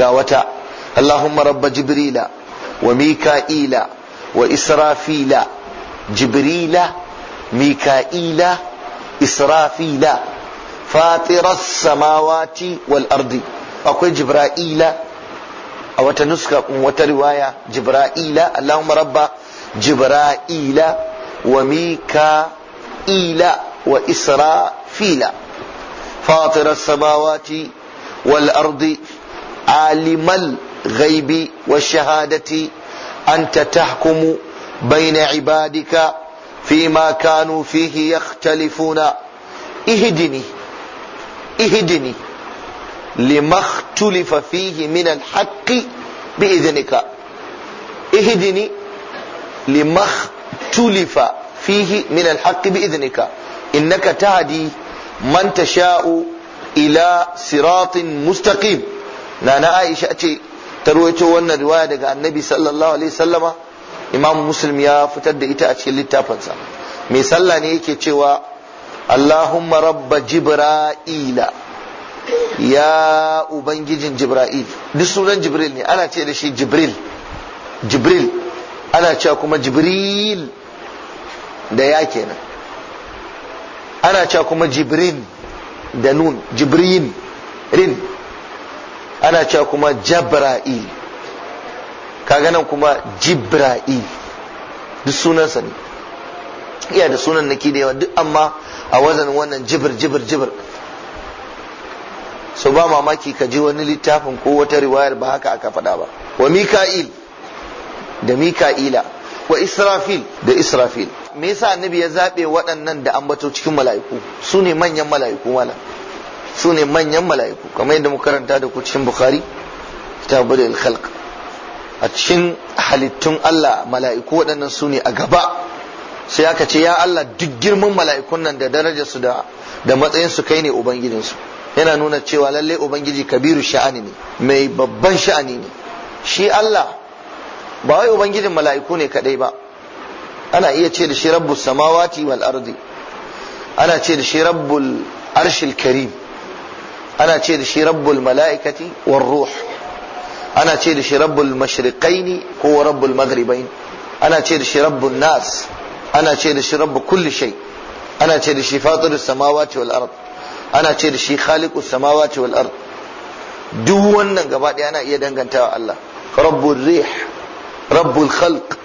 قاوتا اللهم رب جبريل وميكائيل وإسرافيل جبريل ميكائيل إسرافيل فاطر السماوات والأرض أقول جبرائيل أو تنسك وترواية جبرائيل اللهم رب جبرائيل وميكائيل وإسرافيل فاطر السماوات والأرض alimal ghaibi wa shahadati anta tahkumu bayna ibadika fima kanu fihi yakhtalifuna ihdini ihdini lima ikhtalifa fihi min alhaqqi bi'idhnika ihdini lima ikhtalifa fihi min alhaqqi bi'idhnika innaka tahdi man tasha'u ila siratin mustaqim nana aisha ce ta ruwaito wannan riwaya daga annabi sallallahu alaihi sallama imamu muslim ya fitar da ita a cikin littafinsa mai sallah ne yake cewa allahumma rabba jibra'ila ya ubangijin jibra'il duk sunan jibril ne ana ce da shi jibril jibril ana cewa kuma jibril da ya kenan ana cewa kuma jibrin da nun jibrin rin ana cewa kuma jabra'il kaga nan kuma jibra'il duk sunansa ne iya da sunan naki da yawa duk amma a wazanin wannan jibir jibir jibir so ba mamaki ka ji wani littafin ko wata riwayar ba haka aka faɗa ba wa mika'il da mika'ila wa israfil da israfil me yasa annabi ya zaɓe waɗannan da ambato cikin mala'iku su ne manyan mala'iku malam su ne manyan mala'iku kamar yadda muka karanta da kucin cikin bukhari bude khalq a cikin halittun Allah mala'iku waɗannan su ne a gaba sai aka ce ya Allah duk girman mala'ikun nan da darajarsu da da matsayin kai ne ubangijinsu yana nuna cewa lallai ubangiji kabiru sha'ani ne mai babban sha'ani ne shi Allah ba wai ubangijin mala'iku ne kadai ba ana iya ce da shi rabbus samawati wal ardi ana ce da shi rabbul arshil karim ana ce da shi rabbul mala'ikati war ruh ana ce da shi rabbul mashriqaini ko rabbul magribain ana ce da shi rabbul nas ana ce da shi rabbul kulli shay ana ce da shi fatirus samawati wal ard ana ce da shi khaliqus samawati wal ard duk wannan gaba ɗaya ana iya dangantawa Allah rabbul rih rabbul khalq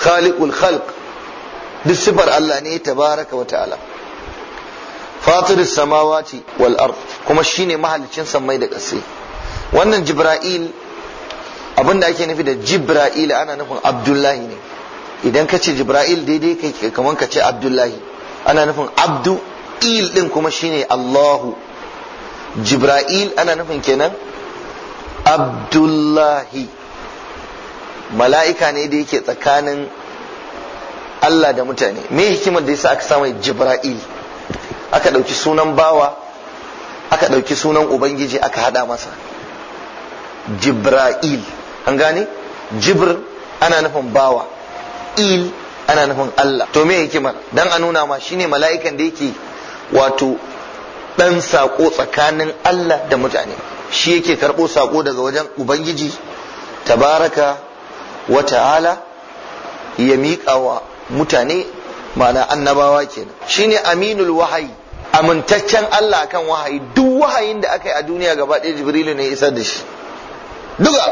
khaliqul khalq duk sifar Allah ne tabaraka wa ta'ala fatir samawati wal ard kuma shine mahalicin sammai da ƙasai wannan jibra'il abin da ake nufi da jibra'il ana nufin abdullahi ne idan ka ce jibra'il daidai kai kaman ka ce abdullahi ana nufin abdu il din kuma shine allahu jibra'il ana nufin kenan abdullahi mala'ika ne da yake tsakanin allah da mutane me hikimar da yasa aka samu jibra'il aka ɗauki sunan bawa aka ɗauki sunan ubangiji aka haɗa masa jibra'il an gane jibr ana nufin bawa il ana nufin Allah to me hikimar dan a nuna ma shine mala'ikan da yake wato dan sako tsakanin Allah da mutane shi yake karɓo sako daga wajen ubangiji tabaraka wa ta'ala ya miƙa wa mutane ma'ana annabawa kenan shine aminul wahayi amintaccen Allah kan wahayi duk wahayin da aka yi a duniya gaba ɗaya jibrilu ne isar da shi duka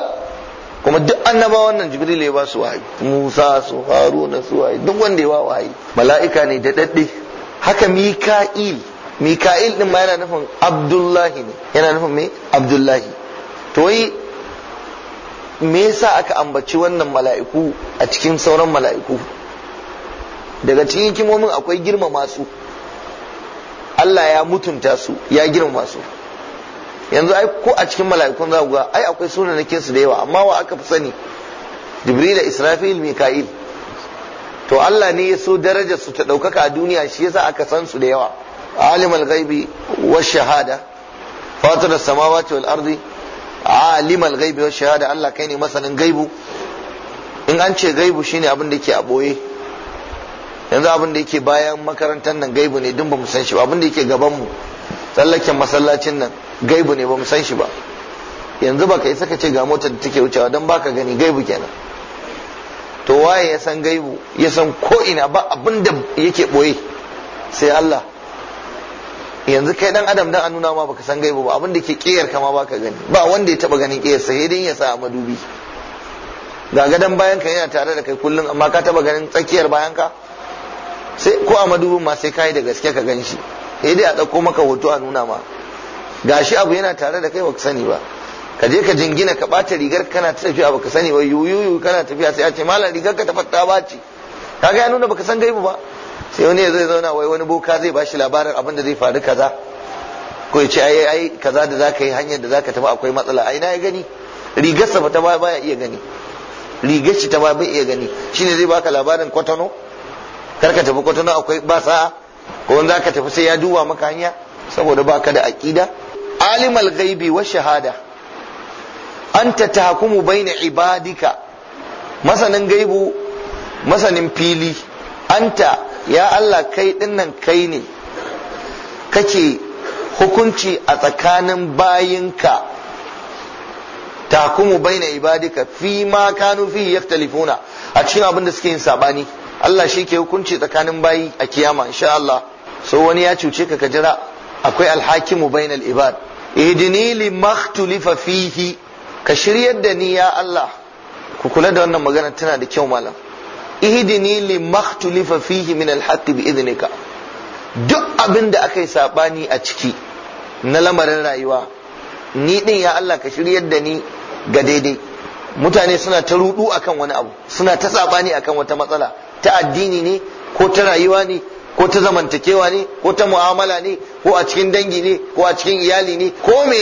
kuma duk annaba wannan jibrilu ya ba su wahayi musa su haruna su wahayi duk wanda ya ba wahayi mala'ika ne da daɗe haka mika'il mika'il din ma yana nufin abdullahi ne yana nufin me abdullahi to wai me yasa aka ambaci wannan mala'iku a cikin sauran mala'iku daga cikin hikimomin akwai girmama su Allah ya mutunta su ya girma su yanzu ai ko a cikin mala'ikun za ga ai akwai sunanakin su da yawa amma wa aka fi sani jibril israfil mika'il to Allah ne ya so darajar su ta ɗaukaka a duniya shi yasa aka san su da yawa alimul ghaibi wa shahada fatar as-samawati wal ardi alimul ghaibi wa shahada Allah kai ne masanin gaibu in an ce gaibu shine abin da yake a boye yanzu abin da yake bayan makarantar nan gaibu ne dun ba mu san shi ba abin da yake gaban mu tsallaken masallacin nan gaibu ne ba mu san shi ba yanzu ba ka yi saka ce ga motar da take wucewa don baka gani gaibu kenan to waye ya san gaibu ya san ko ina ba abin da yake boye sai Allah yanzu kai dan adam dan nuna ma baka san gaibu ba abin da ke kiyar kama baka gani ba wanda ya taba ganin kiyar sai dai ya sa a madubi ga gadan bayan ka yana tare da kai kullum amma ka taba ganin tsakiyar bayan ka sai ko a madubin ma sai kai da gaske ka ganshi. shi eh dai a dauko maka hoto a nuna ma gashi abu yana tare da kai baka sani ba ka je ka jingina ka bata rigar kana tafiya baka sani ba yuyu kana tafiya sai a ce malam rigar ka tafatta ba ce kaga ya nuna baka san gaibu ba sai wani ya zai zauna wai wani boka zai bashi labarin abin da zai faru kaza ko ya ce ai ai kaza da zaka yi hanyar da zaka tafi akwai matsala ai na ya gani rigarsa ba ta baya iya gani rigar shi ta baya iya gani shine zai baka labarin kwatano kar ka tafi kwatano akwai ba sa'a ko za ka tafi sai ya duwa maka hanya saboda baka da aqida alimal ghaibi wa shahada anta tahkumu baina ibadika masanin gaibu masanin fili anta ya Allah kai dinnan kai ne kake hukunci a tsakanin bayinka tahkumu baina ibadika fi ma kanu fi yaktalifuna a cikin abin da suke yin sabani Allah shi ke hukunci tsakanin bayi a kiyama insha Allah so wani ya cuce ka kajira akwai alhakimu bainal ibad ihdini li makhtulifa ka shiryar da ni ya Allah ku kula da wannan magana tana da kyau malam ihdini li makhtulifa min alhaqqi bi idnika duk abin da aka yi sabani a ciki na lamarin rayuwa ni din ya Allah ka shiryar da ni ga daidai mutane suna ta rudu akan wani abu suna ta sabani akan wata matsala ta addini ne ko ta rayuwa ne ko ta zamantakewa ne ko ta mu'amala ne ko a cikin dangi ne ko a cikin iyali ne ko me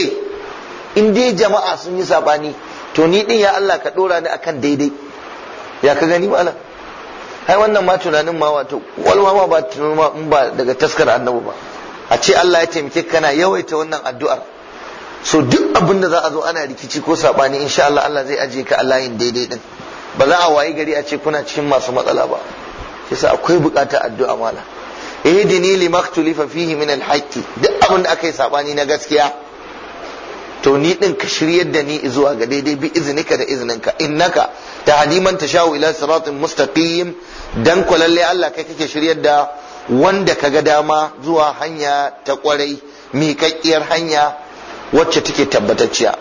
in jama'a sun yi sabani to ni din ya Allah ka dora ni akan daidai ya ka gani ba ai wannan ma tunanin ma wato walwa ma ba tunanin ba daga taskar annabi ba a ce Allah ya taimake kana yawaita wannan addu'ar so duk abin da za a zo ana rikici ko sabani insha Allah Allah zai aje ka a layin daidai din ba za a wayi gari a ce kuna cikin masu matsala ba sa akwai bukatar addu'a mala ihdini limaktulifa fihi min alhaqi duk abin da aka yi sabani na gaskiya to ni din ka shiryar da ni zuwa ga daidai bi izinika da izininka innaka tahdi man tashawu ila siratin mustaqim dan kwalalle Allah kai kake shiryar da wanda ka ga dama zuwa hanya ta kwarai miƙaƙƙiyar hanya wacce take tabbatacciya